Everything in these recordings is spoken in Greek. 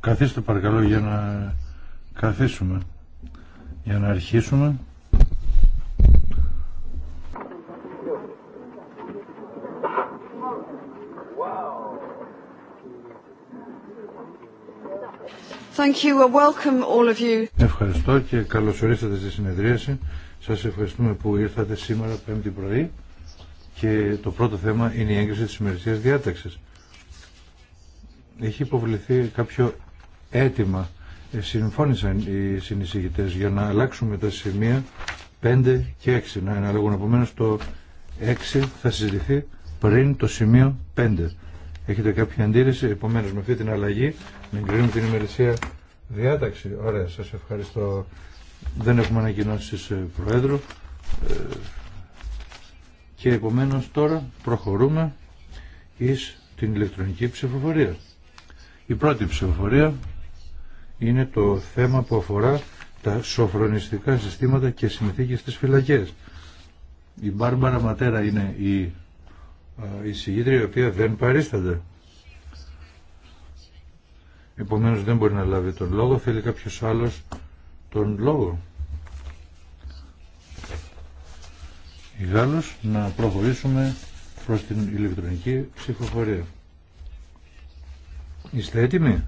Καθίστε παρακαλώ για να καθίσουμε, για να αρχίσουμε. Ευχαριστώ και καλώς ορίσατε στη συνεδρίαση. Σας ευχαριστούμε που ήρθατε σήμερα πέμπτη πρωί. Και το πρώτο θέμα είναι η έγκριση της ημερησίας διάταξης. Έχει υποβληθεί κάποιο αίτημα. Ε, συμφώνησαν οι συνεισηγητές για να αλλάξουμε τα σημεία 5 και 6. Να αναλογούν επομένως το 6 θα συζητηθεί πριν το σημείο 5. Έχετε κάποια αντίρρηση, επομένως με αυτή την αλλαγή να εγκρίνουμε την ημερησία διάταξη. Ωραία, σας ευχαριστώ. Δεν έχουμε ανακοινώσει ε, Προέδρου. Ε, και επομένως τώρα προχωρούμε εις την ηλεκτρονική ψηφοφορία. Η πρώτη ψηφοφορία είναι το θέμα που αφορά τα σοφρονιστικά συστήματα και συνθήκες στις φυλακές. Η Μπάρμπαρα Ματέρα είναι η, η η οποία δεν παρίσταται. Επομένως δεν μπορεί να λάβει τον λόγο. Θέλει κάποιος άλλος τον λόγο. Γάλλους να προχωρήσουμε προς την ηλεκτρονική ψηφοφορία. Είστε έτοιμοι?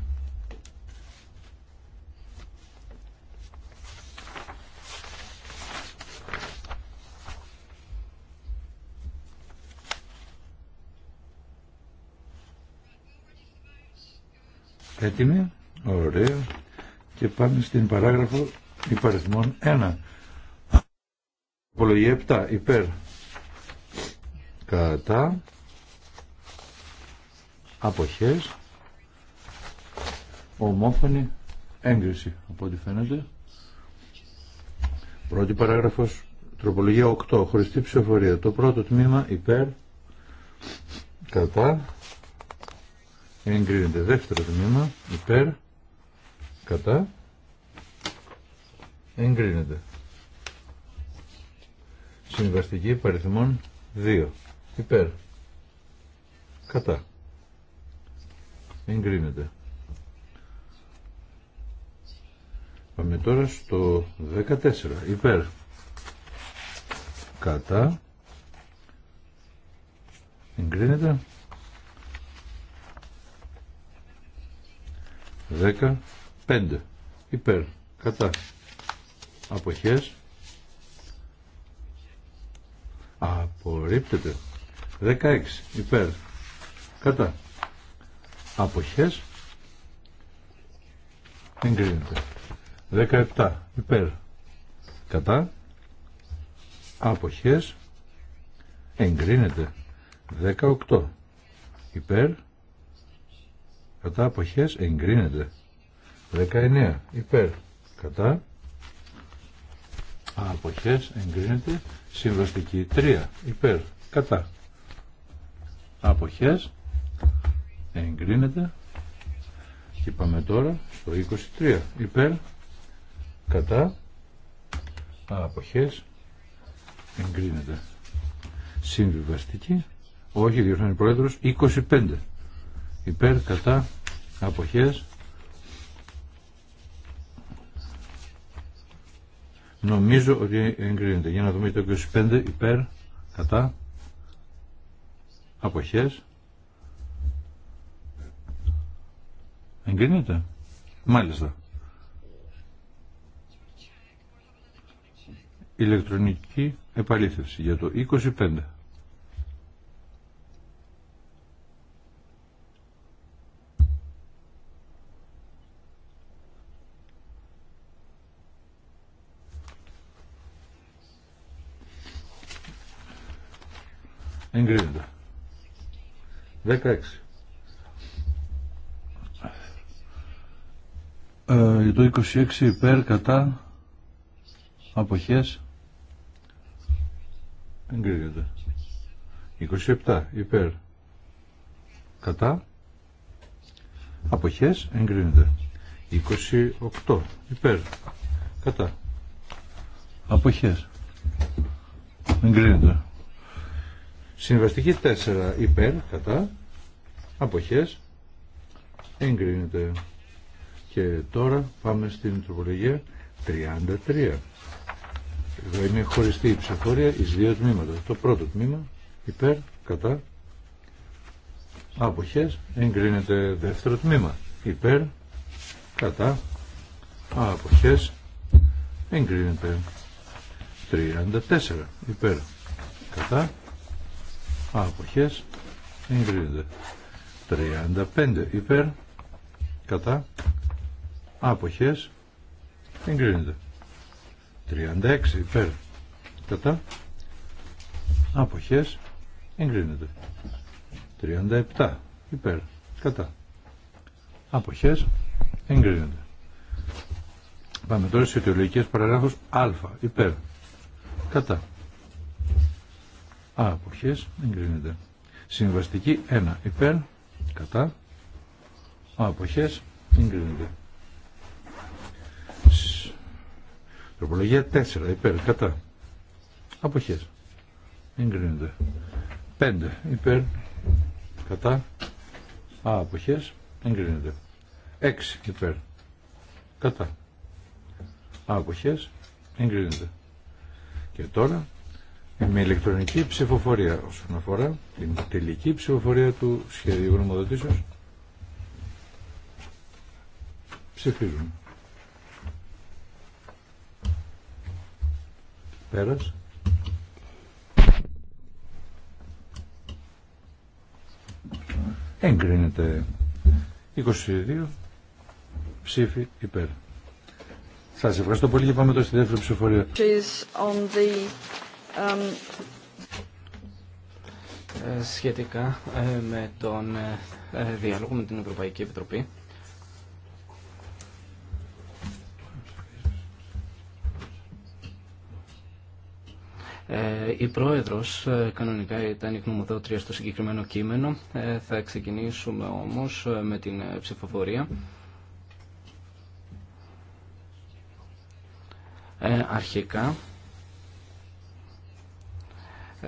Έτοιμοι, ωραία. Και πάμε στην παράγραφο υπαριθμών 1 Τροπολογία 7 υπέρ κατά αποχές ομόφωνη έγκριση από ό,τι φαίνεται. Πρώτη παράγραφος τροπολογία 8 χωριστή ψηφοφορία. Το πρώτο τμήμα υπέρ κατά εγκρίνεται. Δεύτερο τμήμα υπέρ κατά εγκρίνεται. Συμβαστική παριθμών 2. Υπέρ. Κατά. Εγκρίνεται. Πάμε τώρα στο 14. Υπέρ. Κατά. Εγκρίνεται. 15. Υπέρ. Κατά. Αποχές απορρίπτεται 16 υπέρ κατά αποχές εγκρίνεται 17 υπέρ κατά αποχές εγκρίνεται 18 υπέρ κατά αποχές εγκρίνεται 19 υπέρ κατά αποχές εγκρίνεται συμβαστική 3 υπέρ κατά αποχές εγκρίνεται και πάμε τώρα στο 23 υπέρ κατά αποχές εγκρίνεται Συμβαστική, όχι διορθώνει πρόεδρος 25 υπέρ κατά αποχές Νομίζω ότι εγκρίνεται. Για να δούμε το 25 υπέρ, κατά, αποχές. Εγκρίνεται. Μάλιστα. Ηλεκτρονική επαλήθευση για το 25. εγκρίνεται. 16. Ε, το 26 υπέρ κατά αποχές εγκρίνεται. 27 υπέρ κατά αποχές εγκρίνεται. 28 υπέρ κατά αποχές εγκρίνεται. Συμβαστική 4 υπέρ, κατά, αποχές, εγκρίνεται. Και τώρα πάμε στην τροπολογία 33. Εδώ είναι χωριστή η ψηφορία εις δύο τμήματα. Το πρώτο τμήμα υπέρ, κατά, αποχές, εγκρίνεται δεύτερο τμήμα. Υπέρ, κατά, αποχές, εγκρίνεται 34. Υπέρ, κατά, αποχές εγκρίνεται 35 υπέρ κατά αποχές εγκρίνεται 36 υπέρ κατά αποχές εγκρίνεται 37 υπέρ κατά αποχές εγκρίνεται Πάμε τώρα στις αιτιολογικές παραγράφους α υπέρ κατά αποχές εγκρίνεται. Συμβαστική 1 υπέρ, κατά, α, αποχές εγκρίνεται. Τροπολογία 4 υπέρ, κατά, αποχές εγκρίνεται. 5 υπέρ, κατά, α, αποχές εγκρίνεται. 6 υπέρ, κατά, α, αποχές εγκρίνεται. Και τώρα με ηλεκτρονική ψηφοφορία όσον αφορά την τελική ψηφοφορία του σχεδίου γνωμοδοτήσεως. Ψηφίζουν. Πέρας. Εγκρίνεται 22 ψήφοι υπέρ. Σας ευχαριστώ πολύ και πάμε τώρα στη δεύτερη ψηφοφορία. Ε, σχετικά ε, με τον ε, διάλογο με την Ευρωπαϊκή Επιτροπή. η πρόεδρος κανονικά ήταν η γνωμοδότρια στο συγκεκριμένο κείμενο. θα ξεκινήσουμε όμως με την ψηφοφορία. αρχικά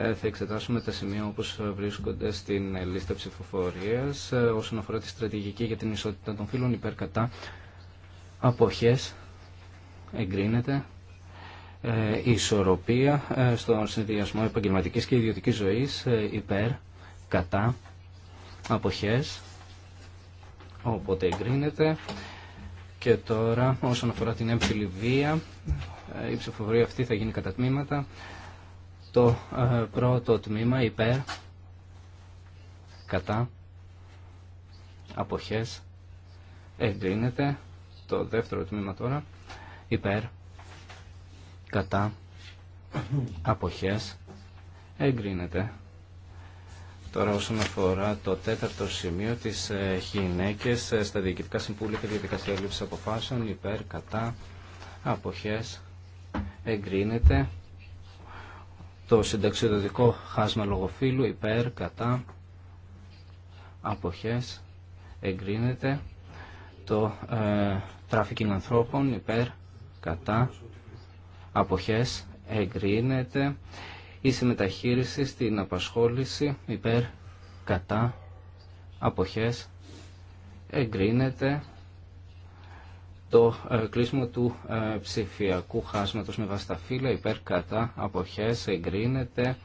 ε, θα εξετάσουμε τα σημεία όπως βρίσκονται στην λίστα ψηφοφορίας ε, όσον αφορά τη στρατηγική για την ισότητα των φύλων υπερκατά αποχές εγκρίνεται ε, ισορροπία ε, στον συνδυασμό επαγγελματικής και ιδιωτικής ζωής ε, υπέρ, κατά, αποχές οπότε εγκρίνεται και τώρα όσον αφορά την έμφυλη βία η ψηφοφορία αυτή θα γίνει κατά τμήματα το ε, πρώτο τμήμα υπέρ, κατά, αποχές, εγκρίνεται. Το δεύτερο τμήμα τώρα, υπέρ, κατά, αποχές, εγκρίνεται. Τώρα όσον αφορά το τέταρτο σημείο, της ε, γυναίκες ε, στα διοικητικά συμβούλια και διαδικασία λήψης αποφάσεων, υπέρ, κατά, αποχές, εγκρίνεται το συνταξιδοτικό χάσμα λογοφύλου υπέρ, κατά, αποχές, εγκρίνεται το ε, ανθρώπων υπέρ, κατά, αποχές, εγκρίνεται η συμμεταχείριση στην απασχόληση υπέρ, κατά, αποχές, εγκρίνεται το ε, κλείσιμο του ε, ψηφιακού χάσματος με βασταφύλλα υπέρ κατά αποχές εγκρίνεται.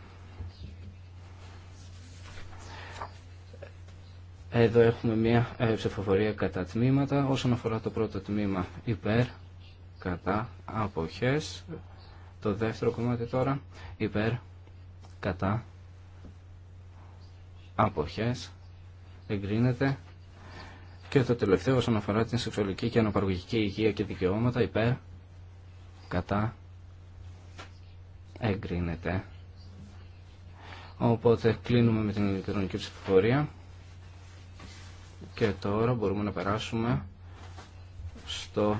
Εδώ έχουμε μια ε, ψηφοφορία κατά τμήματα. Όσον αφορά το πρώτο τμήμα υπέρ κατά αποχές. Το δεύτερο κομμάτι τώρα υπέρ κατά αποχές εγκρίνεται. Και το τελευταίο όσον αφορά την σεξουαλική και αναπαραγωγική υγεία και δικαιώματα υπέρ κατά εγκρίνεται. Οπότε κλείνουμε με την ηλεκτρονική ψηφοφορία και τώρα μπορούμε να περάσουμε στο,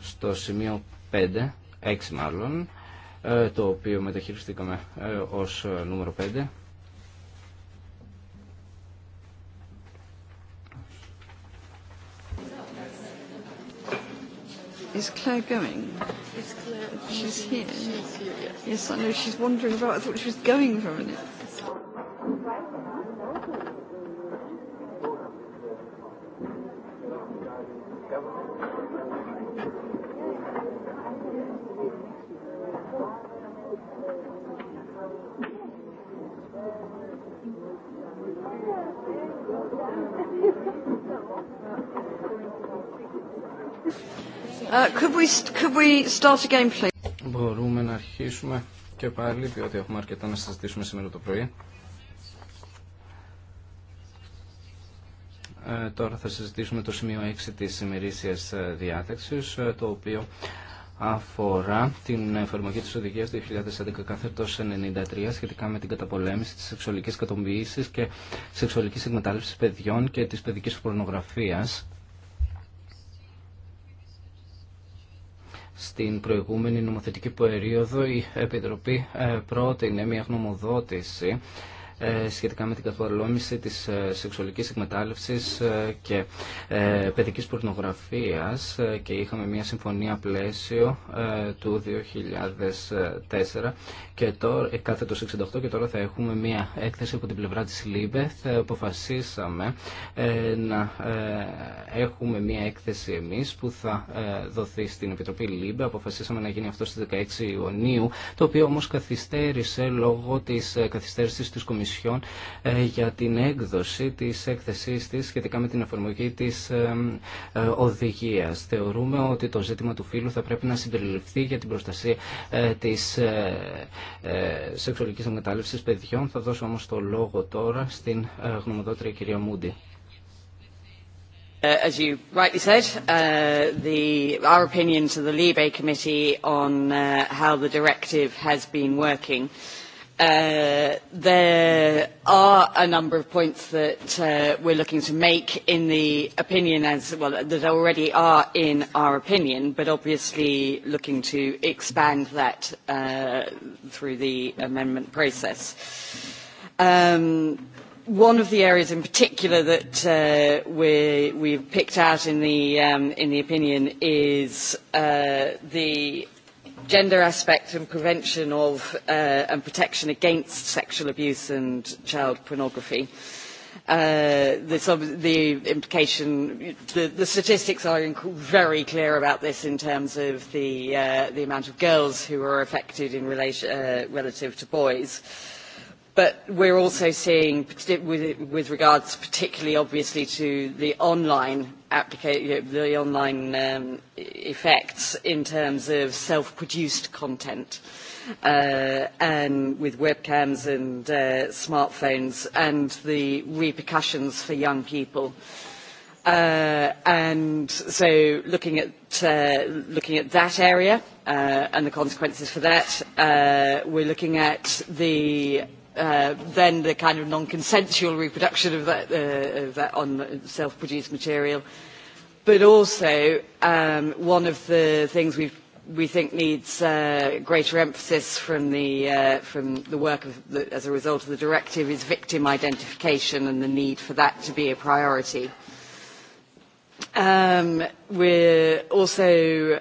στο σημείο 5, 6 μάλλον, ε, το οποίο μεταχειριστήκαμε ε, ως ε, νούμερο 5. Is Claire going? Is Claire? She's here. She's here. Yes. Yes, I know. She's wandering about. I thought she was going for a minute. Uh, Μπορούμε να αρχίσουμε και πάλι, διότι έχουμε αρκετά να συζητήσουμε σήμερα το πρωί. Ε, τώρα θα συζητήσουμε το σημείο 6 της ημερήσιας ε, διάταξης, ε, το οποίο αφορά την εφαρμογή της οδηγίας 2011-93 σχετικά με την καταπολέμηση της σεξουαλικής κατομποίησης και σεξουαλικής εκμετάλλευσης παιδιών και της παιδικής πορνογραφίας στην προηγούμενη νομοθετική περίοδο η Επιτροπή ε, πρότεινε μια γνωμοδότηση ε, σχετικά με την καθορλόμηση της ε, σεξουαλικής εκμετάλλευσης ε, και παιδικής πορνογραφίας και είχαμε μια συμφωνία πλαίσιο του 2004 και τώρα, κάθε το 68 και τώρα θα έχουμε μια έκθεση από την πλευρά της ΛΥΜΠΕ θα αποφασίσαμε να έχουμε μια έκθεση εμείς που θα δοθεί στην Επιτροπή ΛΥΜΠΕ αποφασίσαμε να γίνει αυτό στις 16 Ιουνίου το οποίο όμως καθυστέρησε λόγω της καθυστέρησης της Κομισιόν Κομισιόν ε, για την έκδοση της έκθεσής της σχετικά με την εφαρμογή της ε, ε, οδηγίας. Θεωρούμε ότι το ζήτημα του φίλου θα πρέπει να συμπεριληφθεί για την προστασία της σεξουαλικής εκμετάλλευσης παιδιών. Θα δώσω όμως το λόγο τώρα στην γνωμοδότρια κυρία Μούντι. As you rightly said, uh, the, our opinion to the LIBE Committee on uh, how the directive has been working There are a number of points that we're looking to make in the opinion, as well, that already are in our opinion, but obviously looking to expand that through the amendment process. One of the areas in particular that we've picked out in the opinion is the gender aspect and prevention of and protection against sexual abuse and child pornography. The implication, the statistics are very clear about this in terms of the amount of girls who are affected in relative to boys But we're also seeing, with regards particularly obviously to the online the online effects in terms of self-produced content, and with webcams and smartphones and the repercussions for young people. And so looking at looking at that area and the consequences for that, we're looking at the then the kind of non-consensual reproduction of that, of that on self-produced material. But also, one of the things we we think needs greater emphasis from the from the work as a result of the directive is victim identification and the need for that to be a priority. We're also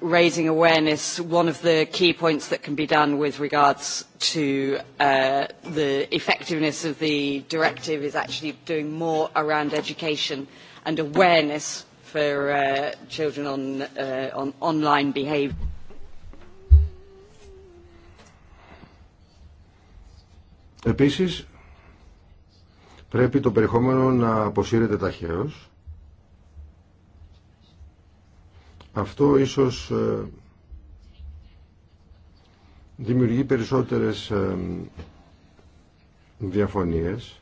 raising awareness. One of the key points that can be done with regards to the effectiveness of the directive is actually doing more around education and awareness for children on online behavior. Επίσης, πρέπει το περιεχόμενο να αποσύρεται ταχαίως Αυτό ίσως ε, δημιουργεί περισσότερες ε, διαφωνίες.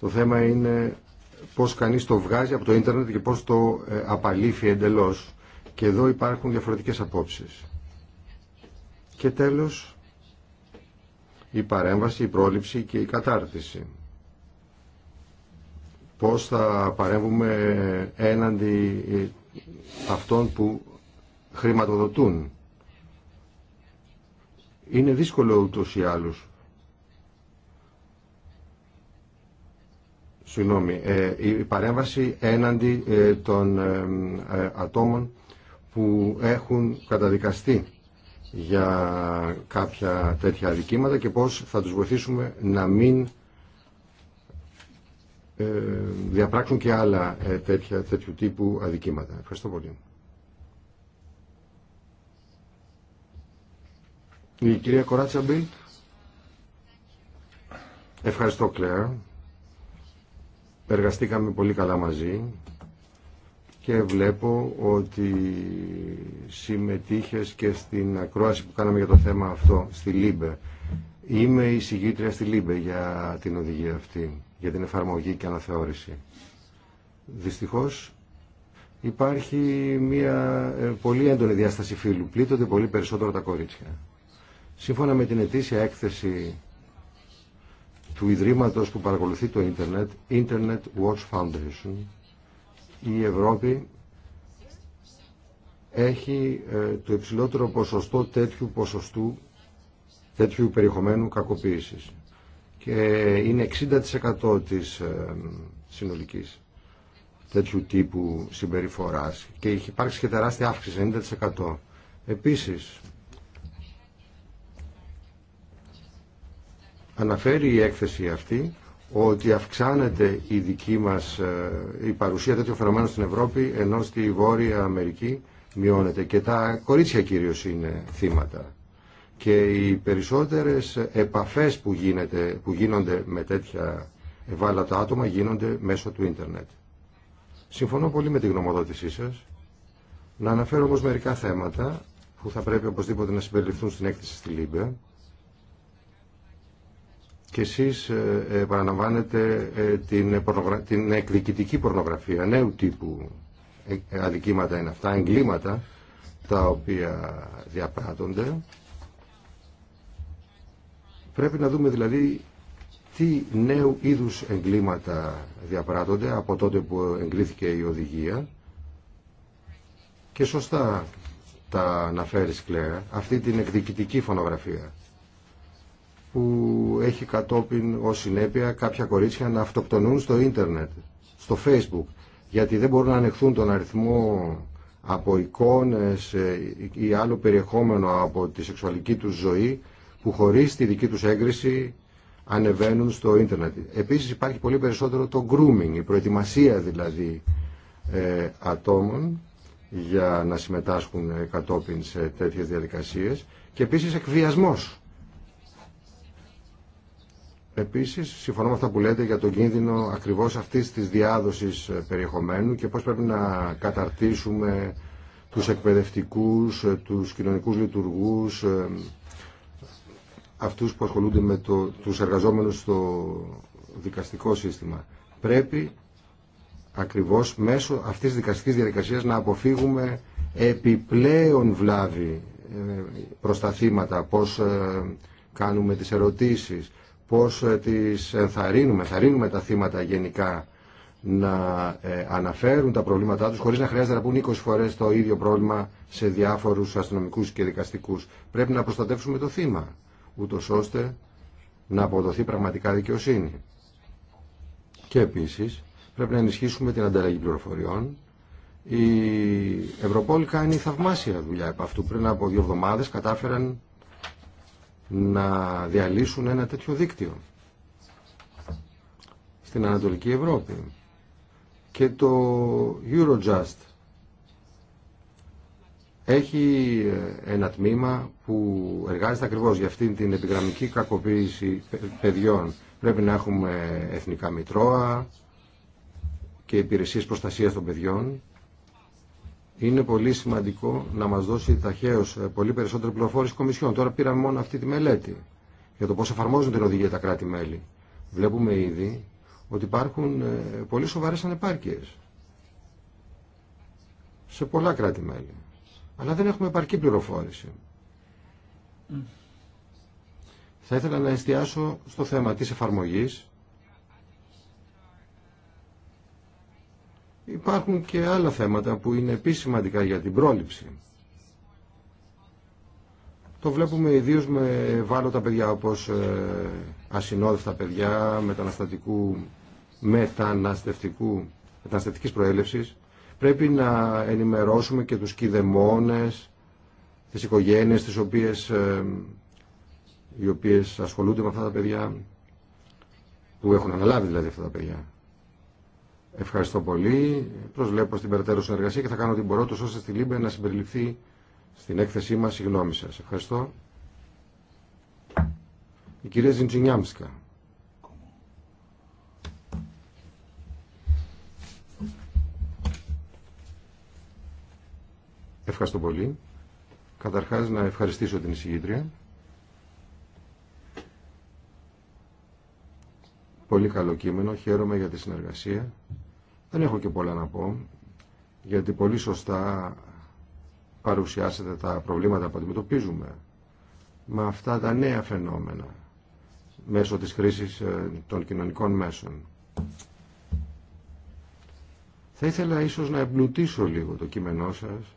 Το θέμα είναι πώς κανείς το βγάζει από το ίντερνετ και πώς το ε, απαλήφει εντελώς. Και εδώ υπάρχουν διαφορετικές απόψεις. Και τέλος, η παρέμβαση, η πρόληψη και η κατάρτιση. Πώς θα παρέμβουμε έναντι αυτών που χρηματοδοτούν. Είναι δύσκολο ούτως ή άλλως. Συγγνώμη, ε, η παρέμβαση έναντι ε, των ε, ατόμων που έχουν καταδικαστεί για κάποια τέτοια αδικήματα και πώς θα τους βοηθήσουμε να μην ε, διαπράξουν και άλλα ε, τέτοια, τέτοιου τύπου αδικήματα. Ευχαριστώ πολύ. Η κυρία Κοράτσα Μπίλτ. Ευχαριστώ Κλέα. Εργαστήκαμε πολύ καλά μαζί και βλέπω ότι συμμετείχες και στην ακρόαση που κάναμε για το θέμα αυτό στη Λίμπε. Είμαι η συγγήτρια στη Λίμπε για την οδηγία αυτή για την εφαρμογή και αναθεώρηση. Δυστυχώς υπάρχει μια ε, πολύ έντονη διάσταση φύλου. Πλήττονται πολύ περισσότερο τα κορίτσια. Σύμφωνα με την ετήσια έκθεση του Ιδρύματος που παρακολουθεί το ίντερνετ, Internet Watch Foundation, η Ευρώπη έχει ε, το υψηλότερο ποσοστό τέτοιου ποσοστού τέτοιου περιεχομένου κακοποίησης και είναι 60% της ε, συνολικής τέτοιου τύπου συμπεριφοράς και έχει υπάρξει και τεράστια αύξηση, 90%. Επίσης, αναφέρει η έκθεση αυτή ότι αυξάνεται η δική μας ε, η παρουσία τέτοιων φαινομένων στην Ευρώπη ενώ στη Βόρεια Αμερική μειώνεται και τα κορίτσια κυρίως είναι θύματα και οι περισσότερες επαφές που, γίνεται, που γίνονται με τέτοια ευάλωτα άτομα γίνονται μέσω του ίντερνετ. Συμφωνώ πολύ με τη γνωμοδότησή σας. Να αναφέρω όμως μερικά θέματα που θα πρέπει οπωσδήποτε να συμπεριληφθούν στην έκθεση στη Λίμπε Και εσείς ε, παραλαμβάνετε ε, την, πορνογρα... την εκδικητική πορνογραφία νέου τύπου ε, αδικήματα είναι αυτά, εγκλήματα τα οποία διαπράττονται Πρέπει να δούμε δηλαδή τι νέου είδους εγκλήματα διαπράττονται από τότε που εγκλήθηκε η οδηγία και σωστά τα αναφέρεις Κλέα, αυτή την εκδικητική φωνογραφία που έχει κατόπιν ως συνέπεια κάποια κορίτσια να αυτοκτονούν στο ίντερνετ, στο facebook γιατί δεν μπορούν να ανεχθούν τον αριθμό από εικόνες ε, ή άλλο περιεχόμενο από τη σεξουαλική τους ζωή που χωρίς τη δική τους έγκριση ανεβαίνουν στο ίντερνετ. Επίσης υπάρχει πολύ περισσότερο το grooming, η προετοιμασία δηλαδή ε, ατόμων για να συμμετάσχουν ε, κατόπιν σε τέτοιες διαδικασίες και επίσης εκβιασμός. Επίσης, συμφωνώ με αυτά που λέτε για τον κίνδυνο ακριβώς αυτής της διάδοσης ε, περιεχομένου και πώς πρέπει να καταρτήσουμε τους εκπαιδευτικούς, ε, τους κοινωνικούς λειτουργούς, αυτούς που ασχολούνται με το, τους εργαζόμενους στο δικαστικό σύστημα. Πρέπει ακριβώς μέσω αυτής της δικαστικής διαδικασίας να αποφύγουμε επιπλέον βλάβη ε, προς τα θύματα, πώς ε, κάνουμε τις ερωτήσεις, πώς ε, τις ενθαρρύνουμε, ενθαρρύνουμε τα θύματα γενικά να αναφέρουν τα προβλήματά τους χωρίς να χρειάζεται να πούν 20 φορές το ίδιο πρόβλημα σε διάφορους αστυνομικούς και δικαστικούς. Πρέπει να προστατεύσουμε το θύμα ούτως ώστε να αποδοθεί πραγματικά δικαιοσύνη. Και επίσης πρέπει να ενισχύσουμε την ανταλλαγή πληροφοριών. Η Ευρωπόλ κάνει θαυμάσια δουλειά επ' αυτού. Πριν από δύο εβδομάδες κατάφεραν να διαλύσουν ένα τέτοιο δίκτυο στην Ανατολική Ευρώπη. Και το Eurojust έχει ε, ένα τμήμα που εργάζεται ακριβώς για αυτήν την επιγραμμική κακοποίηση παιδιών. Πρέπει να έχουμε εθνικά μητρώα και υπηρεσίες προστασίας των παιδιών. Είναι πολύ σημαντικό να μας δώσει ταχαίως ε, πολύ περισσότερη πληροφόρηση κομισιών. Τώρα πήραμε μόνο αυτή τη μελέτη για το πώς εφαρμόζουν την οδηγία τα κράτη-μέλη. Βλέπουμε ήδη ότι υπάρχουν ε, πολύ σοβαρές ανεπάρκειες σε πολλά κράτη-μέλη αλλά δεν έχουμε επαρκή πληροφόρηση. Θα ήθελα να εστιάσω στο θέμα της εφαρμογής. Υπάρχουν και άλλα θέματα που είναι επίσης σημαντικά για την πρόληψη. Το βλέπουμε ιδίως με βάλω τα παιδιά όπως ε, ασυνόδευτα παιδιά μεταναστατικού, μεταναστευτικού, μεταναστευτικής προέλευσης Πρέπει να ενημερώσουμε και τους κηδεμόνες, τις οικογένειες τις οποίες, ε, οι οποίες ασχολούνται με αυτά τα παιδιά, που έχουν αναλάβει δηλαδή αυτά τα παιδιά. Ευχαριστώ πολύ. Προσβλέπω στην περαιτέρω συνεργασία και θα κάνω την μπορώ τόσο ώστε στη Λίμπε να συμπεριληφθεί στην έκθεσή μας η γνώμη σας. Ευχαριστώ. Η κυρία Ζιντζινιάμσκα. Ευχαριστώ πολύ. Καταρχάς να ευχαριστήσω την εισηγήτρια. Πολύ καλό κείμενο, χαίρομαι για τη συνεργασία. Δεν έχω και πολλά να πω, γιατί πολύ σωστά παρουσιάσετε τα προβλήματα που αντιμετωπίζουμε με αυτά τα νέα φαινόμενα μέσω της χρήσης ε, των κοινωνικών μέσων. Θα ήθελα ίσως να εμπλουτίσω λίγο το κείμενό σας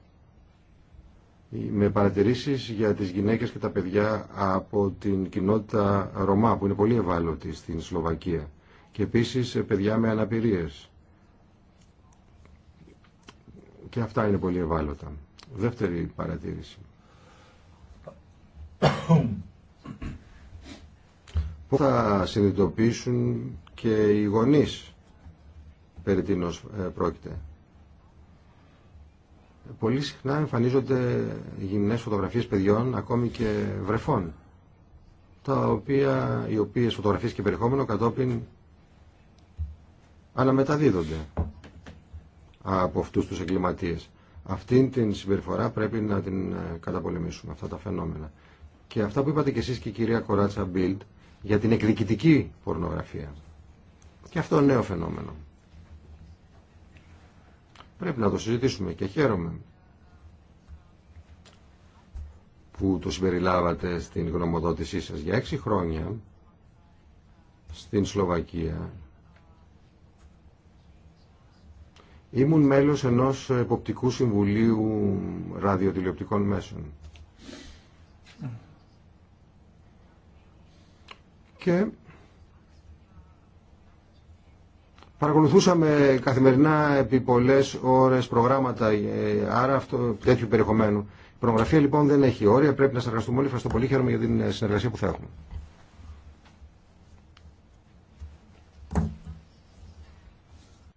με παρατηρήσεις για τις γυναίκες και τα παιδιά από την κοινότητα Ρωμά που είναι πολύ ευάλωτη στην Σλοβακία και επίσης ε, παιδιά με αναπηρίες και αυτά είναι πολύ ευάλωτα δεύτερη παρατήρηση Πώς θα συνειδητοποιήσουν και οι γονείς περί τίνος ε, πρόκειται πολύ συχνά εμφανίζονται γυμνές φωτογραφίες παιδιών, ακόμη και βρεφών, τα οποία, οι οποίες φωτογραφίες και περιεχόμενο κατόπιν αναμεταδίδονται από αυτούς τους εγκληματίες. Αυτήν την συμπεριφορά πρέπει να την ε, καταπολεμήσουμε, αυτά τα φαινόμενα. Και αυτά που είπατε και εσείς και η κυρία Κοράτσα Μπίλτ για την εκδικητική πορνογραφία. Και αυτό νέο φαινόμενο. Πρέπει να το συζητήσουμε και χαίρομαι που το συμπεριλάβατε στην γνωμοδότησή σας για έξι χρόνια στην Σλοβακία ήμουν μέλος ενός εποπτικού συμβουλίου ραδιοτηλεοπτικών μέσων και Παρακολουθούσαμε καθημερινά επί πολλέ ώρε προγράμματα, ε, άρα αυτό, τέτοιου περιεχομένου. Η προγραφία λοιπόν δεν έχει όρια, πρέπει να συνεργαστούμε όλοι. Ευχαριστώ πολύ, χαίρομαι για την ε, συνεργασία που θα έχουμε.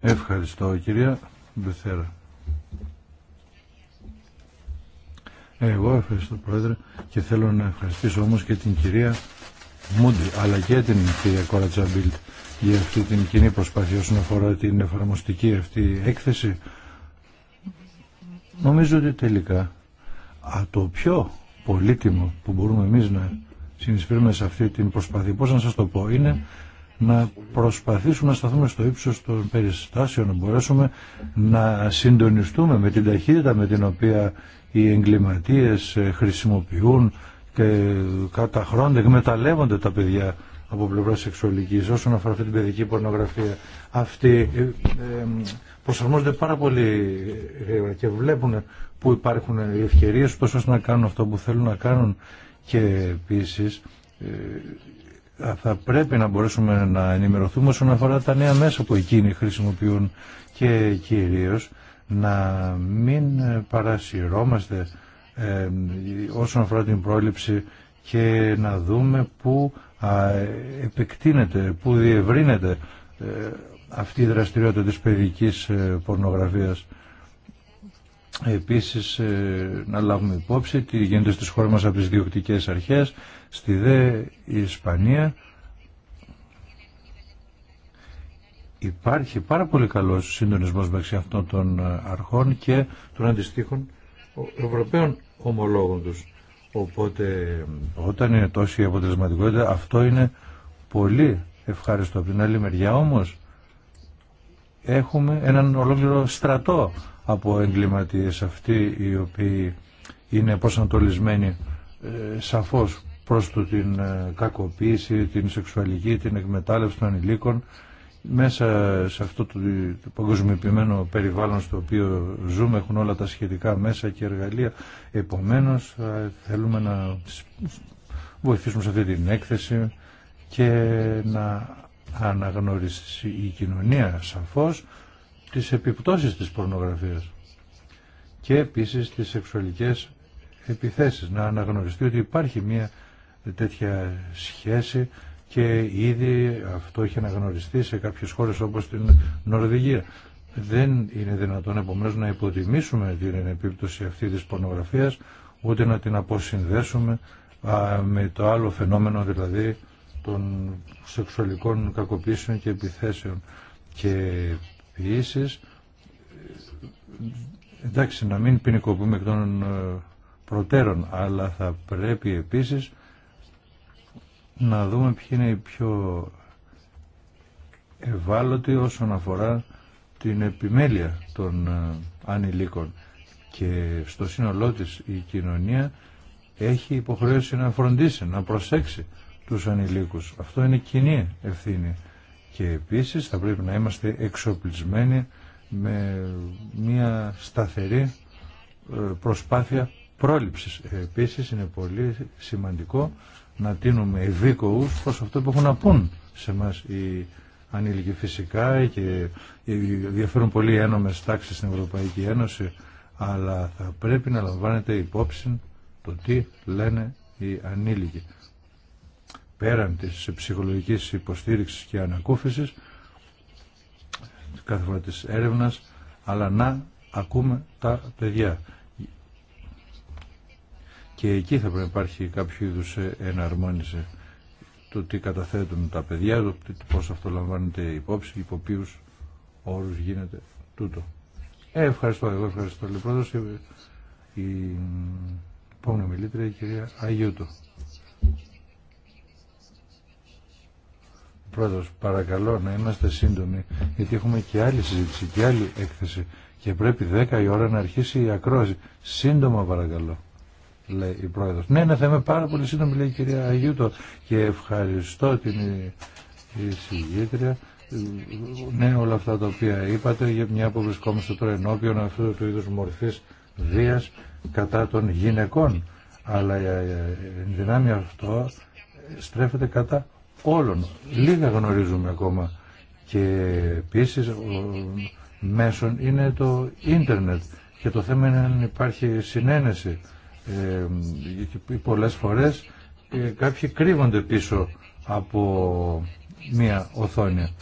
Ευχαριστώ κυρία Μπεθέρα. Εγώ ευχαριστώ πρόεδρε και θέλω να ευχαριστήσω όμως και την κυρία Μούντι, αλλά και την κυρία Κόρατσα Μπίλτ για αυτή την κοινή προσπάθεια όσον αφορά την εφαρμοστική αυτή έκθεση. Νομίζω ότι τελικά α, το πιο πολύτιμο που μπορούμε εμείς να συνεισφέρουμε σε αυτή την προσπάθεια, πώς να σας το πω, είναι να προσπαθήσουμε να σταθούμε στο ύψος των περιστάσεων, να μπορέσουμε να συντονιστούμε με την ταχύτητα με την οποία οι εγκληματίες ε, χρησιμοποιούν και κατά χρόνια εκμεταλλεύονται τα παιδιά από πλευρά σεξουαλική όσον αφορά αυτή την παιδική πορνογραφία. Αυτοί ε, προσαρμόζονται πάρα πολύ γρήγορα ε, και βλέπουν που υπάρχουν οι ευκαιρίε τόσο ώστε να κάνουν αυτό που θέλουν να κάνουν και επίση ε, θα πρέπει να μπορέσουμε να ενημερωθούμε όσον αφορά τα νέα μέσα που εκείνοι χρησιμοποιούν και κυρίως να μην παρασυρώμαστε ε, όσον αφορά την πρόληψη και να δούμε πού επεκτείνεται, πού διευρύνεται ε, αυτή η δραστηριότητα της παιδικής ε, πορνογραφίας. Επίσης ε, να λάβουμε υπόψη τι γίνεται στις χώρες μας από τις διοκτικές αρχές, στη ΔΕ η Ισπανία υπάρχει πάρα πολύ καλός συντονισμός μεταξύ αυτών των ε, αρχών και των αντιστοίχων Ευρωπαίων ομολόγων τους. Οπότε όταν είναι τόση αποτελεσματικότητα αυτό είναι πολύ ευχάριστο. Από την άλλη μεριά όμως έχουμε έναν ολόκληρο στρατό από εγκληματίες αυτοί οι οποίοι είναι προσανατολισμένοι ε, σαφώς προς το την ε, κακοποίηση, την σεξουαλική, την εκμετάλλευση των ανηλίκων μέσα σε αυτό το, το παγκοσμιοποιημένο περιβάλλον στο οποίο ζούμε έχουν όλα τα σχετικά μέσα και εργαλεία. Επομένως θέλουμε να βοηθήσουμε σε αυτή την έκθεση και να αναγνωρίσει η κοινωνία σαφώς τις επιπτώσεις της πορνογραφίας και επίσης τις σεξουαλικές επιθέσεις. Να αναγνωριστεί ότι υπάρχει μια τέτοια σχέση και ήδη αυτό έχει αναγνωριστεί σε κάποιες χώρες όπως την Νορβηγία. Δεν είναι δυνατόν επομένως να υποτιμήσουμε την επίπτωση αυτή της πορνογραφίας ούτε να την αποσυνδέσουμε με το άλλο φαινόμενο δηλαδή των σεξουαλικών κακοποίησεων και επιθέσεων και ποιήσεις εντάξει να μην ποινικοποιούμε εκ των ε, προτέρων αλλά θα πρέπει επίσης να δούμε ποιοι είναι οι πιο ευάλωτοι όσον αφορά την επιμέλεια των ε, ανηλίκων και στο σύνολό της η κοινωνία έχει υποχρέωση να φροντίσει, να προσέξει τους ανηλίκους. Αυτό είναι κοινή ευθύνη και επίσης θα πρέπει να είμαστε εξοπλισμένοι με μια σταθερή ε, προσπάθεια πρόληψης. Επίσης είναι πολύ σημαντικό να τίνουμε ευήκοους προς αυτό που έχουν να πούν σε μας οι ανήλικοι φυσικά και διαφέρουν πολύ ένομε τάξεις στην Ευρωπαϊκή Ένωση αλλά θα πρέπει να λαμβάνετε υπόψη το τι λένε οι ανήλικοι. Πέραν της ψυχολογικής υποστήριξης και ανακούφισης κάθε φορά της έρευνας αλλά να ακούμε τα παιδιά και εκεί θα πρέπει να υπάρχει κάποιο είδου ε, εναρμόνιση του τι καταθέτουν τα παιδιά, το πώς αυτό λαμβάνεται υπόψη, υπό ποιου όρου γίνεται τούτο. Ε, ευχαριστώ, εγώ ευχαριστώ. Λοιπόν, η επόμενη μιλήτρια, η κυρία Αγιούτο Πρόεδρος, παρακαλώ να είμαστε σύντομοι, γιατί έχουμε και άλλη συζήτηση και άλλη έκθεση και πρέπει 10 η ώρα να αρχίσει η ακρόαση. Σύντομα παρακαλώ λέει η πρόεδρος. Ναι, ναι, θα είμαι πάρα πολύ σύντομη, λέει η κυρία Αγιούτο και ευχαριστώ την εισηγήτρια. Ναι, όλα αυτά τα οποία είπατε, για μια που βρισκόμαστε τώρα ενώπιον αυτού του είδους μορφής βίας κατά των γυναικών. Αλλά η ε, ε, δυνάμια αυτό ε, στρέφεται κατά όλων. Λίγα γνωρίζουμε ακόμα. Και επίση μέσον είναι το ίντερνετ και το θέμα είναι αν υπάρχει συνένεση ε, ε, πολλές φορές ε, κάποιοι κρύβονται πίσω από μία οθόνη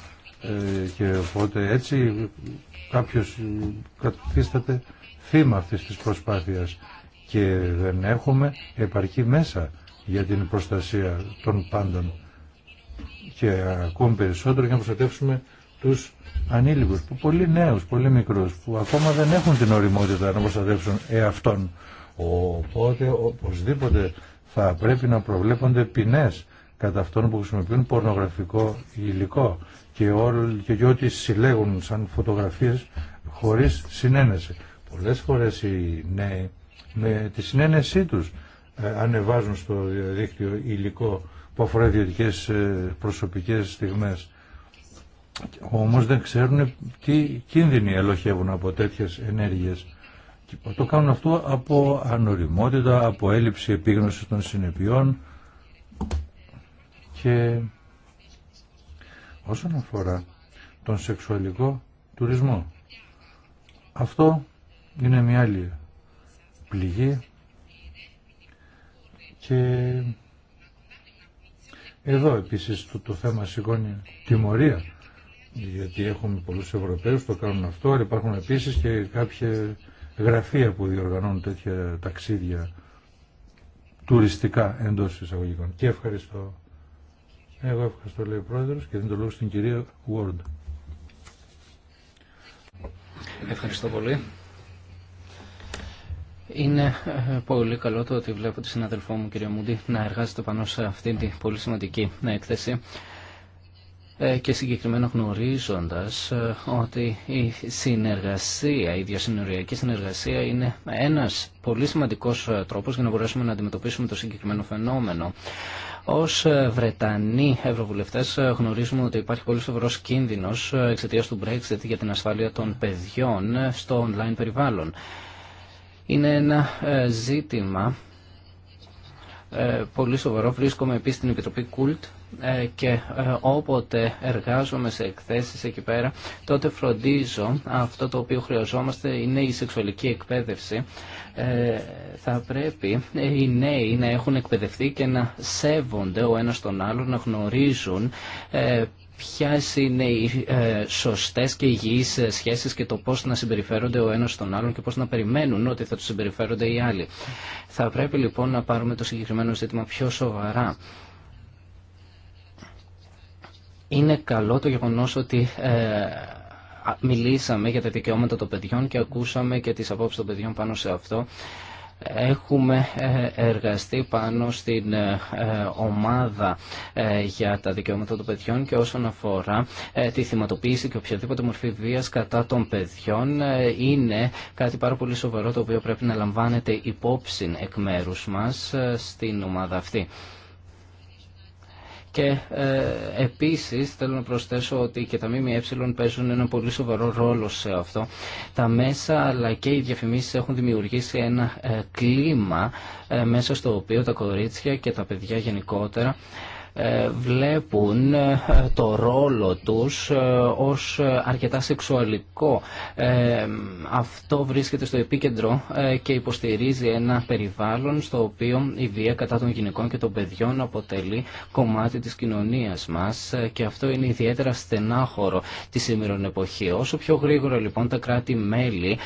ε, και οπότε έτσι κάποιος καθίσταται θύμα αυτής της προσπάθειας και δεν έχουμε επαρκή μέσα για την προστασία των πάντων και ακόμη περισσότερο για να προστατεύσουμε τους ανήλικους, που πολύ νέους, πολύ μικρούς, που ακόμα δεν έχουν την οριμότητα να προστατεύσουν εαυτόν. Οπότε οπωσδήποτε θα πρέπει να προβλέπονται ποινές κατά αυτών που χρησιμοποιούν πορνογραφικό υλικό και, ό, και ό,τι συλλέγουν σαν φωτογραφίες χωρίς συνένεση. Πολλές φορές οι νέοι με τη συνένεσή τους ε, ανεβάζουν στο διαδίκτυο υλικό που αφορά ιδιωτικέ ε, προσωπικές στιγμές. Όμως δεν ξέρουν τι κίνδυνοι ελοχεύουν από τέτοιες ενέργειες. Το κάνουν αυτό από ανοριμότητα, από έλλειψη επίγνωσης των συνεπειών και όσον αφορά τον σεξουαλικό τουρισμό. Αυτό είναι μια άλλη πληγή και εδώ επίσης το, το θέμα σηκώνει τιμωρία γιατί έχουμε πολλούς Ευρωπαίους το κάνουν αυτό αλλά υπάρχουν επίσης και κάποιες γραφεία που διοργανώνουν τέτοια ταξίδια τουριστικά εντό εισαγωγικών. Και ευχαριστώ. Εγώ ευχαριστώ λέει ο Πρόεδρος και δίνω το λόγο στην κυρία Βόρντ. Ευχαριστώ πολύ. Είναι ε, πολύ καλό το ότι βλέπω τη συναδελφό μου κυρία Μούντι να εργάζεται πάνω σε αυτή την πολύ σημαντική έκθεση. Ε, ε, και συγκεκριμένα γνωρίζοντας ε, ότι η συνεργασία, η διασυνοριακή συνεργασία είναι ένας πολύ σημαντικός ε, τρόπος για να μπορέσουμε να αντιμετωπίσουμε το συγκεκριμένο φαινόμενο. Ως Βρετανοί Ευρωβουλευτές γνωρίζουμε ότι υπάρχει πολύ σοβαρός κίνδυνος εξαιτίας του Brexit για την ασφάλεια των παιδιών στο online περιβάλλον. Είναι ένα ζήτημα πολύ σοβαρό. Βρίσκομαι επίσης στην Επιτροπή Κουλτ ε, και ε, όποτε εργάζομαι σε εκθέσεις εκεί πέρα, τότε φροντίζω αυτό το οποίο χρειαζόμαστε είναι η σεξουαλική εκπαίδευση. Ε, θα πρέπει οι νέοι να έχουν εκπαιδευτεί και να σέβονται ο ένας τον άλλον, να γνωρίζουν ποιες είναι οι σωστές και υγιείς σχέσεις και το πώς να συμπεριφέρονται ο ένας τον άλλον και πώς να περιμένουν ότι θα τους συμπεριφέρονται οι άλλοι. Θα πρέπει λοιπόν να πάρουμε το συγκεκριμένο ζήτημα πιο σοβαρά. Είναι καλό το γεγονός ότι ε, μιλήσαμε για τα δικαιώματα των παιδιών και ακούσαμε και τις απόψεις των παιδιών πάνω σε αυτό. Έχουμε ε, εργαστεί πάνω στην ε, ομάδα για τα δικαιώματα των παιδιών και όσον αφορά τη θυματοποίηση και οποιαδήποτε μορφή βίας κατά των παιδιών είναι κάτι πάρα πολύ σοβαρό το οποίο πρέπει να λαμβάνεται υπόψη εκ μέρους μας στην ομάδα αυτή. Και ε, επίσης θέλω να προσθέσω ότι και τα ΜΜΕ παίζουν ένα πολύ σοβαρό ρόλο σε αυτό. Τα μέσα αλλά και οι διαφημίσεις έχουν δημιουργήσει ένα ε, κλίμα ε, μέσα στο οποίο τα κορίτσια και τα παιδιά γενικότερα ε, βλέπουν ε, το ρόλο τους ε, ως αρκετά σεξουαλικό. Αυτό βρίσκεται στο επίκεντρο και υποστηρίζει ένα περιβάλλον στο οποίο η βία κατά των γυναικών και των παιδιών αποτελεί κομμάτι της κοινωνίας μας και αυτό είναι ιδιαίτερα στενάχωρο τη σήμερα εποχή. Όσο πιο γρήγορα λοιπόν τα κράτη-μέλη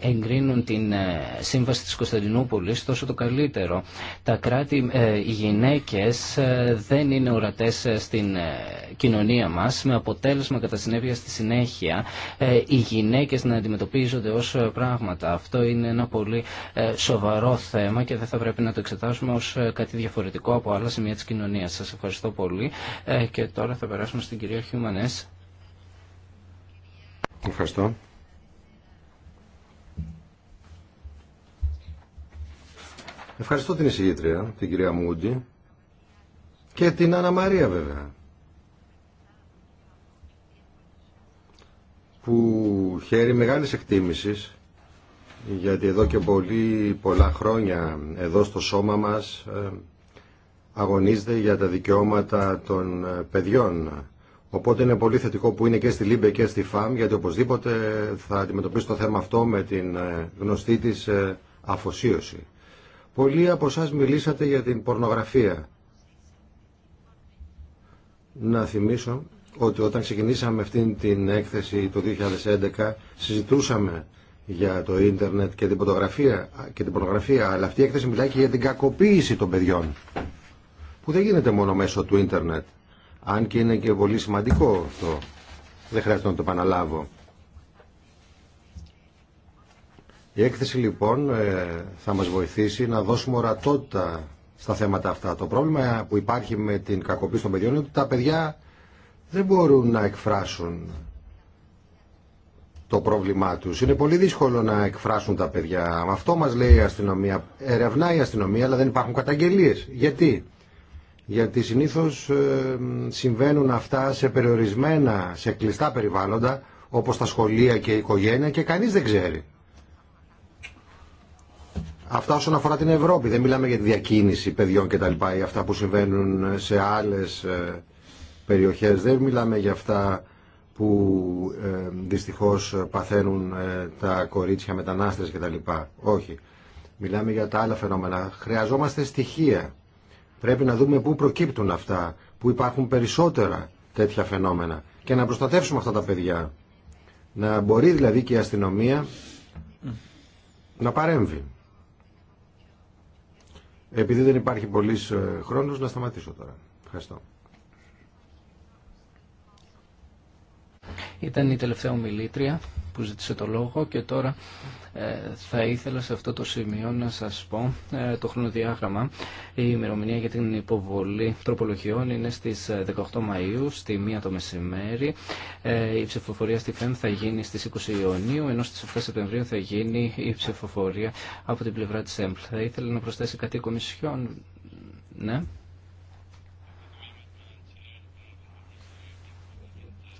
εγκρίνουν την σύμβαση της Κωνσταντινούπολης τόσο το καλύτερο. Τα κράτη, οι γυναίκες δεν είναι ορατέ ε, στην ε, κοινωνία μας με αποτέλεσμα κατά συνέπεια στη συνέχεια ε, οι γυναίκες να αντιμετωπίζονται ως πράγματα. Αυτό είναι ένα πολύ σοβαρό θέμα και δεν θα πρέπει να το εξετάσουμε ως κάτι διαφορετικό από άλλα σημεία της κοινωνίας. Σας ευχαριστώ πολύ και τώρα θα περάσουμε στην κυρία Χιούμανες. Ευχαριστώ. Ευχαριστώ την εισηγήτρια, την κυρία Μούντι, και την Αναμαρία βέβαια που χαίρει μεγάλης εκτίμησης γιατί εδώ και πολύ, πολλά χρόνια εδώ στο σώμα μας ε, αγωνίζεται για τα δικαιώματα των ε, παιδιών. Οπότε είναι πολύ θετικό που είναι και στη Λίμπε και στη ΦΑΜ γιατί οπωσδήποτε θα αντιμετωπίσει το θέμα αυτό με την ε, γνωστή της αφοσίωση. Πολλοί από εσά μιλήσατε για την πορνογραφία να θυμίσω ότι όταν ξεκινήσαμε αυτήν την έκθεση το 2011 συζητούσαμε για το ίντερνετ και την φωτογραφία και την πορνογραφία, αλλά αυτή η έκθεση μιλάει και για την κακοποίηση των παιδιών που δεν γίνεται μόνο μέσω του ίντερνετ αν και είναι και πολύ σημαντικό αυτό δεν χρειάζεται να το επαναλάβω η έκθεση λοιπόν ε, θα μας βοηθήσει να δώσουμε ορατότητα στα θέματα αυτά. Το πρόβλημα που υπάρχει με την κακοποίηση των παιδιών είναι ότι τα παιδιά δεν μπορούν να εκφράσουν το πρόβλημά τους. Είναι πολύ δύσκολο να εκφράσουν τα παιδιά. Αυτό μας λέει η αστυνομία. Ερευνάει η αστυνομία, αλλά δεν υπάρχουν καταγγελίες. Γιατί? Γιατί συνήθως ε, συμβαίνουν αυτά σε περιορισμένα, σε κλειστά περιβάλλοντα, όπω τα σχολεία και η οικογένεια και κανεί δεν ξέρει. Αυτά όσον αφορά την Ευρώπη. Δεν μιλάμε για τη διακίνηση παιδιών κτλ. ή αυτά που συμβαίνουν σε άλλες ε, περιοχές. Δεν μιλάμε για αυτά που ε, δυστυχώς παθαίνουν ε, τα κορίτσια μετανάστες κτλ. Όχι. Μιλάμε για τα άλλα φαινόμενα. Χρειαζόμαστε στοιχεία. Πρέπει να δούμε πού προκύπτουν αυτά, πού υπάρχουν περισσότερα τέτοια φαινόμενα και να προστατεύσουμε αυτά τα παιδιά. Να μπορεί δηλαδή και η αστυνομία να παρέμβει. Επειδή δεν υπάρχει πολύς ε, χρόνος, να σταματήσω τώρα. Ευχαριστώ. Ήταν η τελευταία ομιλήτρια που ζήτησε το λόγο και τώρα ε, θα ήθελα σε αυτό το σημείο να σας πω ε, το χρονοδιάγραμμα. Η ημερομηνία για την υποβολή τροπολογιών είναι στις 18 ε, Μαΐου, στη 1 το μεσημέρι. Η ψηφοφορία στη ΦΕΜ θα γίνει στις 20 Ιουνίου, ενώ στις 7 Σεπτεμβρίου θα γίνει η ψηφοφορία από την πλευρά της ΕΜΠΛ. Θα ήθελα να προσθέσει κάτι η Κομισιόν. Ναι.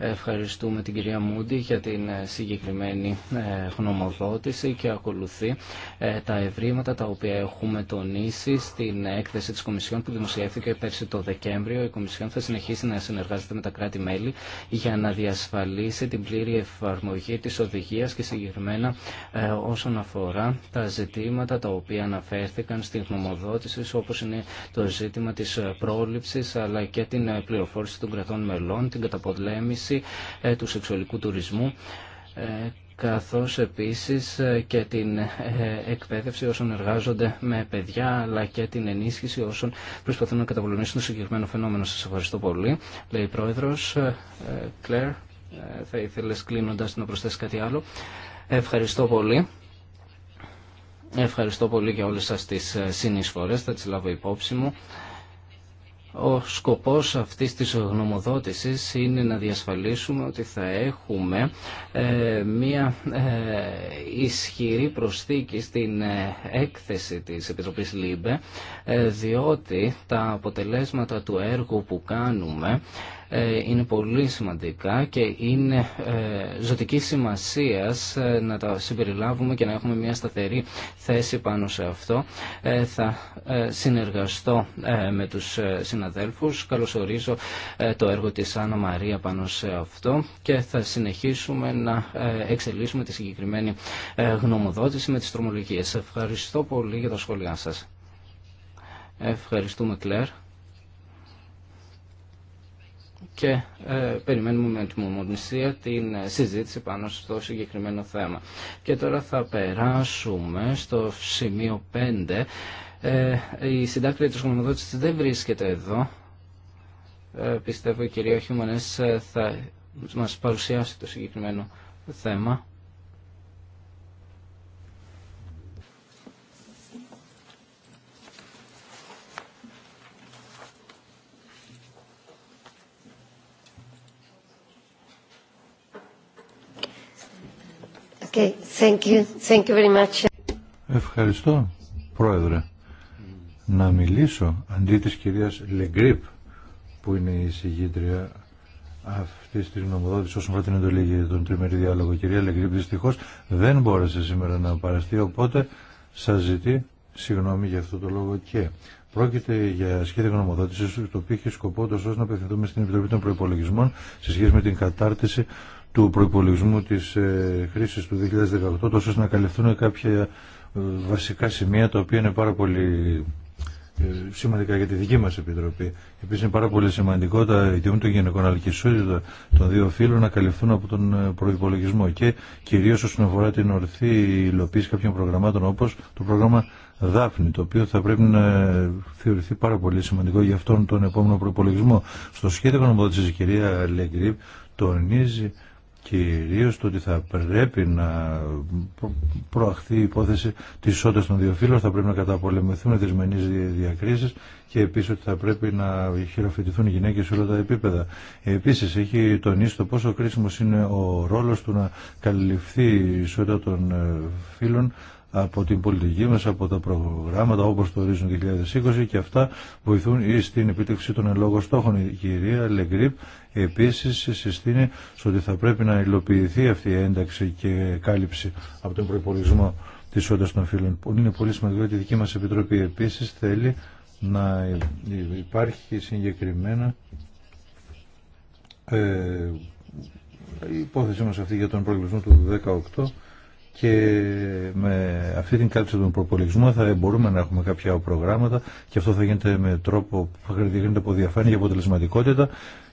Ευχαριστούμε την κυρία Μούντι για την ε, συγκεκριμένη ε, γνωμοδότηση και ακολουθεί ε, τα ευρήματα τα οποία έχουμε τονίσει στην έκθεση της Κομισιόν που δημοσιεύθηκε πέρσι το Δεκέμβριο. Η Κομισιόν θα συνεχίσει να συνεργάζεται με τα κράτη-μέλη για να διασφαλίσει την πλήρη εφαρμογή της οδηγίας και συγκεκριμένα όσον αφορά τα ζητήματα τα οποία αναφέρθηκαν στην γνωμοδότηση όπως είναι το ζήτημα της πρόληψης αλλά και την πληροφόρηση των κρατών μελών, την καταπολέμηση ε, του σεξουαλικού τουρισμού ε, καθώς επίσης ε, και την εκπαίδευση όσων εργάζονται με παιδιά αλλά και την ενίσχυση όσων προσπαθούν να καταπολεμήσουν το συγκεκριμένο φαινόμενο. Σας ευχαριστώ πολύ. Λέει η Πρόεδρος, Κλέρ, θα ήθελες κλείνοντας να προσθέσει κάτι άλλο. Ευχαριστώ πολύ. Ευχαριστώ πολύ για όλες σας τις συνεισφορές, θα τις λάβω υπόψη μου. Ο σκοπός αυτής της γνωμοδότησης είναι να διασφαλίσουμε ότι θα έχουμε ε, μία ε, ισχυρή προσθήκη στην ε, έκθεση της Επιτροπής ΛΥΜΠΕ διότι τα αποτελέσματα του έργου που κάνουμε ε, είναι πολύ σημαντικά και είναι ε, ζωτική σημασίας ε, να τα συμπεριλάβουμε και να έχουμε μια σταθερή θέση πάνω σε αυτό. Θα συνεργαστώ με τους συναδέλφους. Καλωσορίζω το έργο της Άννα Μαρία πάνω σε αυτό και θα συνεχίσουμε να εξελίσσουμε τη συγκεκριμένη γνωμοδότηση με τις τρομολογίες. Ευχαριστώ πολύ για τα σχόλιά σας. Ευχαριστούμε Κλέρ και ε, περιμένουμε με τιμωμονησία την ε, συζήτηση πάνω στο συγκεκριμένο θέμα. Και τώρα θα περάσουμε στο σημείο 5. Ε, η συντάκτρια της γνωμοδότησης δεν βρίσκεται εδώ. πιστεύω η κυρία Χιούμανες θα μας παρουσιάσει το συγκεκριμένο θέμα. Ευχαριστώ, Πρόεδρε. Να μιλήσω αντί της κυρίας Λεγκρίπ, που είναι η συγγήτρια αυτή τη γνωμοδότηση όσον αφορά την εντολή για τον τριμερή διάλογο. Κυρία Λεγκρίπ, δυστυχώ δεν μπόρεσε σήμερα να παραστεί, οπότε σα ζητεί συγγνώμη για αυτό το λόγο και Πρόκειται για σχέδιο γνωμοδότηση, το οποίο έχει σκοπό τόσο ώστε να απευθυνθούμε στην Επιτροπή των Προπολογισμών σε σχέση με την κατάρτιση του προπολογισμού της ε, χρήσης του 2018 τόσο ώστε να καλυφθούν κάποια ε, βασικά σημεία τα οποία είναι πάρα πολύ ε, σημαντικά για τη δική μας Επιτροπή. Επίσης είναι πάρα πολύ σημαντικό τα ιδιωμή των γυναικών αλλά και των δύο φύλων να καλυφθούν από τον προϋπολογισμό και κυρίως όσον αφορά την ορθή υλοποίηση κάποιων προγραμμάτων όπως το πρόγραμμα Δάφνη, το οποίο θα πρέπει να θεωρηθεί πάρα πολύ σημαντικό για αυτόν τον επόμενο προπολογισμό. Στο σχέδιο γνωμοδότηση η κυρία Λεγκρίπ τονίζει κυρίως το ότι θα πρέπει να προαχθεί η υπόθεση της ισότητας των δύο φύλων, θα πρέπει να καταπολεμηθούν δυσμενείς διακρίσεις και επίσης ότι θα πρέπει να χειροφετηθούν οι γυναίκες σε όλα τα επίπεδα. Επίσης έχει τονίσει το πόσο κρίσιμος είναι ο ρόλος του να καλυφθεί η ισότητα των ε, φύλων από την πολιτική μας, από τα προγράμματα όπως το ορίζουν 2020 και αυτά βοηθούν στην επίτευξη των ελόγων στόχων. Η κυρία Λεγκρίπ επίσης συστήνει στο ότι θα πρέπει να υλοποιηθεί αυτή η ένταξη και κάλυψη από τον προπολογισμό της όντας των φίλων. Είναι πολύ σημαντικό ότι η δική μας Επιτροπή επίσης θέλει να υπάρχει συγκεκριμένα ε, η υπόθεση μας αυτή για τον προεκλογισμό του 2018 και με αυτή την κάλυψη των προπολογισμών θα μπορούμε να έχουμε κάποια προγράμματα και αυτό θα γίνεται με τρόπο που θα γίνεται από διαφάνεια και αποτελεσματικότητα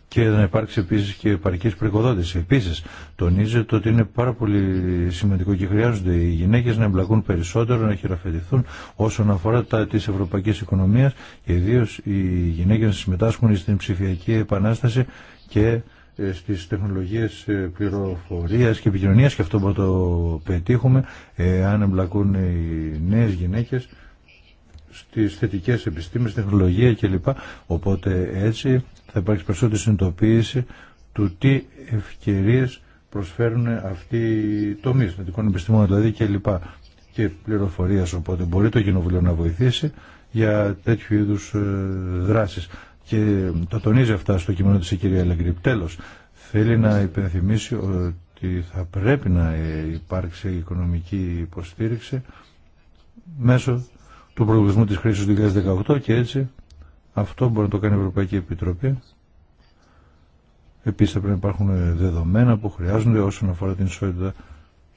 και να υπάρξει επίση και παρική προοικοδότηση. Επίση, τονίζεται ότι είναι πάρα πολύ σημαντικό και χρειάζονται οι γυναίκε να εμπλακούν περισσότερο, να χειραφετηθούν όσον αφορά τα τη ευρωπαϊκή οικονομία και ιδίω οι γυναίκε να συμμετάσχουν στην ψηφιακή επανάσταση και ε, στις τεχνολογίες ε, πληροφορίας και επικοινωνίας και αυτό που το πετύχουμε ε, αν εμπλακούν οι νέες γυναίκες στις θετικές επιστήμες, τεχνολογία κλπ. Οπότε έτσι θα υπάρξει περισσότερη συνειδητοποίηση του τι ευκαιρίες προσφέρουν αυτοί οι τομείς, θετικών επιστήμων δηλαδή κλπ. Και πληροφορίας οπότε μπορεί το Κοινοβουλίο να βοηθήσει για τέτοιου είδους δράσεις και το τονίζει αυτά στο κείμενο της η κυρία Λεγκρυπ. Τέλος, θέλει να υπενθυμίσει ότι θα πρέπει να υπάρξει οικονομική υποστήριξη μέσω του προβλησμού της χρήσης του 2018 και έτσι αυτό μπορεί να το κάνει η Ευρωπαϊκή Επιτροπή. Επίσης θα πρέπει να υπάρχουν δεδομένα που χρειάζονται όσον αφορά την ισότητα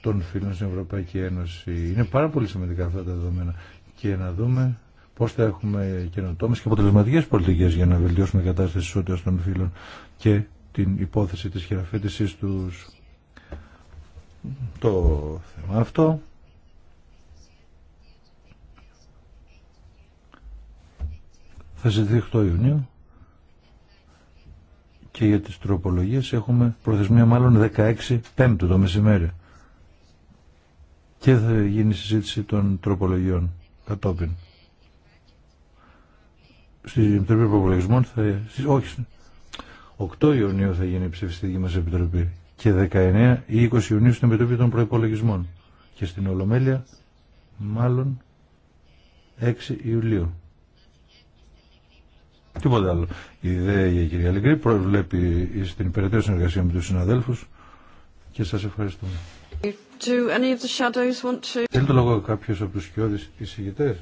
των φίλων στην Ευρωπαϊκή Ένωση. Είναι πάρα πολύ σημαντικά αυτά τα δεδομένα και να δούμε πώ θα έχουμε καινοτόμε και αποτελεσματικέ πολιτικέ για να βελτιώσουμε την κατάσταση ισότητα των φίλων και την υπόθεση τη χειραφέτηση του. Το θέμα αυτό θα συζητηθεί 8 Ιουνίου και για τις τροπολογίες έχουμε προθεσμία μάλλον 16 Πέμπτου το μεσημέρι και θα γίνει συζήτηση των τροπολογιών κατόπιν στην Επιτροπή Προπολογισμών θα... Όχι, 8 Ιουνίου θα γίνει η ψηφιστική μας Επιτροπή και 19 ή 20 Ιουνίου στην Επιτροπή των προπολογισμών και στην Ολομέλεια μάλλον 6 Ιουλίου. Τίποτα άλλο. Η ιδέα για κυρία Λεγκρή προβλέπει στην υπεραιτέρω συνεργασία με τους συναδέλφους και σας ευχαριστούμε. Θέλει το λόγο κάποιος από τους κοιόδης εισηγητές.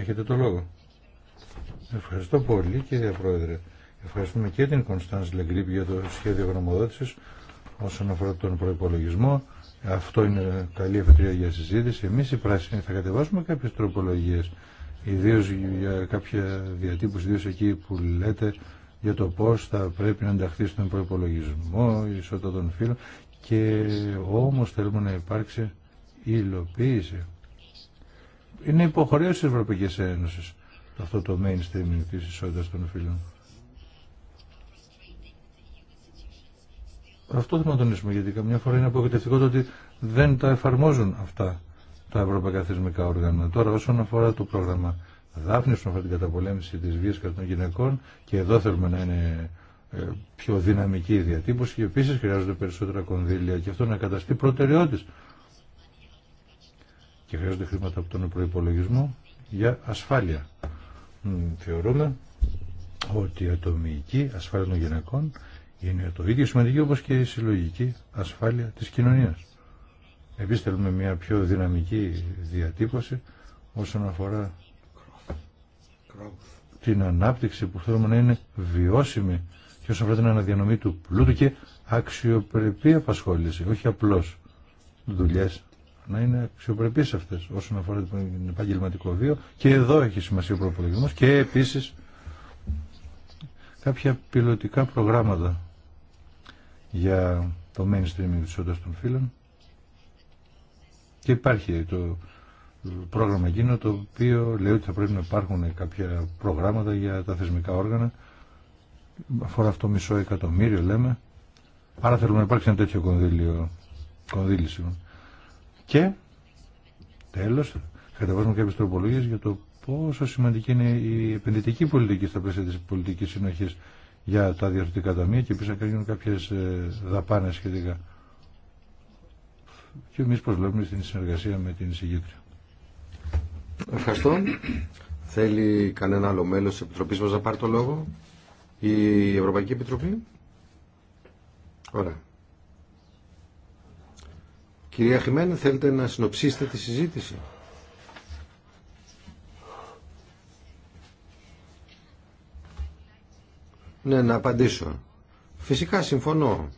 Έχετε το λόγο. Ευχαριστώ πολύ κύριε Πρόεδρε. Ευχαριστούμε και την Κωνσταντζ Λεγκρίπ για το σχέδιο γνωμοδότησης όσον αφορά τον προπολογισμό. Αυτό είναι καλή ευκαιρία για συζήτηση. Εμεί οι πράσινοι θα κατεβάσουμε κάποιε τροπολογίε, ιδίω για κάποια διατύπωση, ιδίω εκεί που λέτε για το πώ θα πρέπει να ενταχθεί στον προπολογισμό, η ισότητα των φύλων και όμω θέλουμε να υπάρξει υλοποίηση είναι υποχρέωση της Ευρωπαϊκής Ένωσης αυτό το mainstream της ισότητας των φίλων. Αυτό θα να τονίσουμε, γιατί καμιά φορά είναι απογοητευτικό ότι δεν τα εφαρμόζουν αυτά τα ευρωπαϊκά θεσμικά όργανα. Τώρα, όσον αφορά το πρόγραμμα Δάφνη, όσον αφορά την καταπολέμηση τη βία κατά των γυναικών, και εδώ θέλουμε να είναι ε, πιο δυναμική η διατύπωση και επίση χρειάζονται περισσότερα κονδύλια και αυτό να καταστεί προτεραιότητα και χρειάζονται χρήματα από τον προπολογισμό για ασφάλεια. Θεωρούμε ότι η ατομική ασφάλεια των γυναικών είναι το ίδιο σημαντική όπως και η συλλογική ασφάλεια της κοινωνίας. Επίσης θέλουμε μια πιο δυναμική διατύπωση όσον αφορά την ανάπτυξη που θέλουμε να είναι βιώσιμη και όσον αφορά την αναδιανομή του πλούτου και αξιοπρεπή απασχόληση, όχι απλώς δουλειές να είναι αξιοπρεπεί αυτέ όσον αφορά την επαγγελματικό βίο. Και εδώ έχει σημασία ο προπολογισμό και επίση κάποια πιλωτικά προγράμματα για το mainstream τη όντα των φύλων και υπάρχει το πρόγραμμα εκείνο το οποίο λέει ότι θα πρέπει να υπάρχουν κάποια προγράμματα για τα θεσμικά όργανα αφορά αυτό μισό εκατομμύριο λέμε άρα θέλουμε να υπάρξει ένα τέτοιο κονδύλιο και τέλος καταβάζουμε κάποιε τροπολογίε για το πόσο σημαντική είναι η επενδυτική πολιτική στα πλαίσια τη πολιτική συνοχή για τα διαρθρωτικά ταμεία και επίση να κάνουν κάποιες ε, δαπάνες σχετικά. Και πω βλέπουμε στην συνεργασία με την εισηγήτρια. Ευχαριστώ. Θέλει κανένα άλλο μέλο τη επιτροπή μα να πάρει το λόγο. Η Ευρωπαϊκή Επιτροπή. Ωραία. Κυρία Χιμένη, θέλετε να συνοψίσετε τη συζήτηση. Ναι, να απαντήσω. Φυσικά συμφωνώ.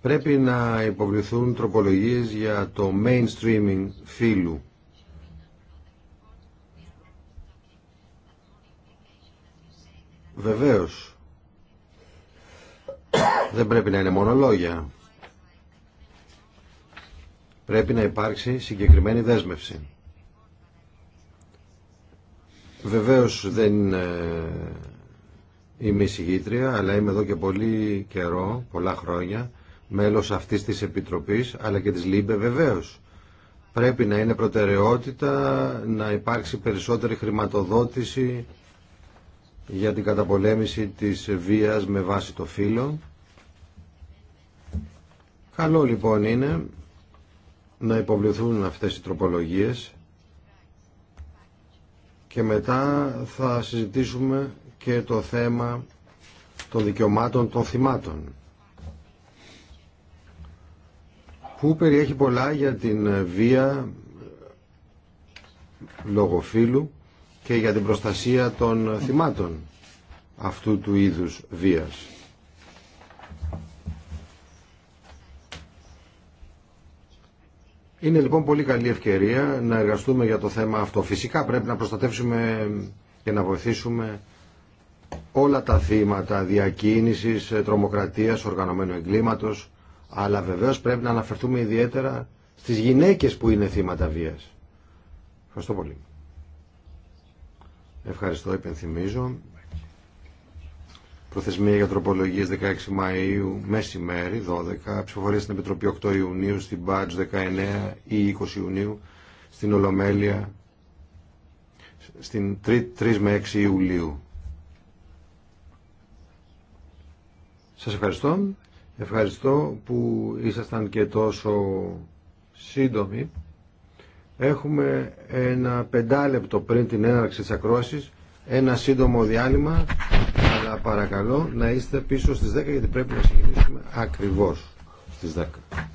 Πρέπει να υποβληθούν τροπολογίες για το mainstreaming φύλου. Βεβαίως. Δεν πρέπει να είναι μόνο λόγια πρέπει να υπάρξει συγκεκριμένη δέσμευση. Βεβαίως δεν ε, είμαι εισηγήτρια, αλλά είμαι εδώ και πολύ καιρό, πολλά χρόνια, μέλος αυτής της Επιτροπής, αλλά και της ΛΥΜΠΕ βεβαίως. Πρέπει να είναι προτεραιότητα να υπάρξει περισσότερη χρηματοδότηση για την καταπολέμηση της βίας με βάση το φύλλο. Καλό λοιπόν είναι να υποβληθούν αυτές οι τροπολογίες και μετά θα συζητήσουμε και το θέμα των δικαιωμάτων των θυμάτων που περιέχει πολλά για την βία λογοφύλου και για την προστασία των θυμάτων αυτού του είδους βίας. Είναι λοιπόν πολύ καλή ευκαιρία να εργαστούμε για το θέμα αυτό. Φυσικά πρέπει να προστατεύσουμε και να βοηθήσουμε όλα τα θύματα διακίνησης, τρομοκρατίας, οργανωμένου εγκλήματος, αλλά βεβαίως πρέπει να αναφερθούμε ιδιαίτερα στις γυναίκες που είναι θύματα βίας. Ευχαριστώ πολύ. Ευχαριστώ, υπενθυμίζω Προθεσμία για τροπολογίες 16 Μαΐου μεσημέρι 12, ψηφοφορία στην Επιτροπή 8 Ιουνίου, στην Μπάτζ 19 ή 20 Ιουνίου, στην Ολομέλεια στην 3, 3 με 6 Ιουλίου. Σας ευχαριστώ. Ευχαριστώ που ήσασταν και τόσο σύντομοι. Έχουμε ένα πεντάλεπτο πριν την έναρξη της ακρόασης, ένα σύντομο διάλειμμα παρακαλώ να είστε πίσω στις 10 γιατί πρέπει να ξεκινήσουμε ακριβώς στις 10.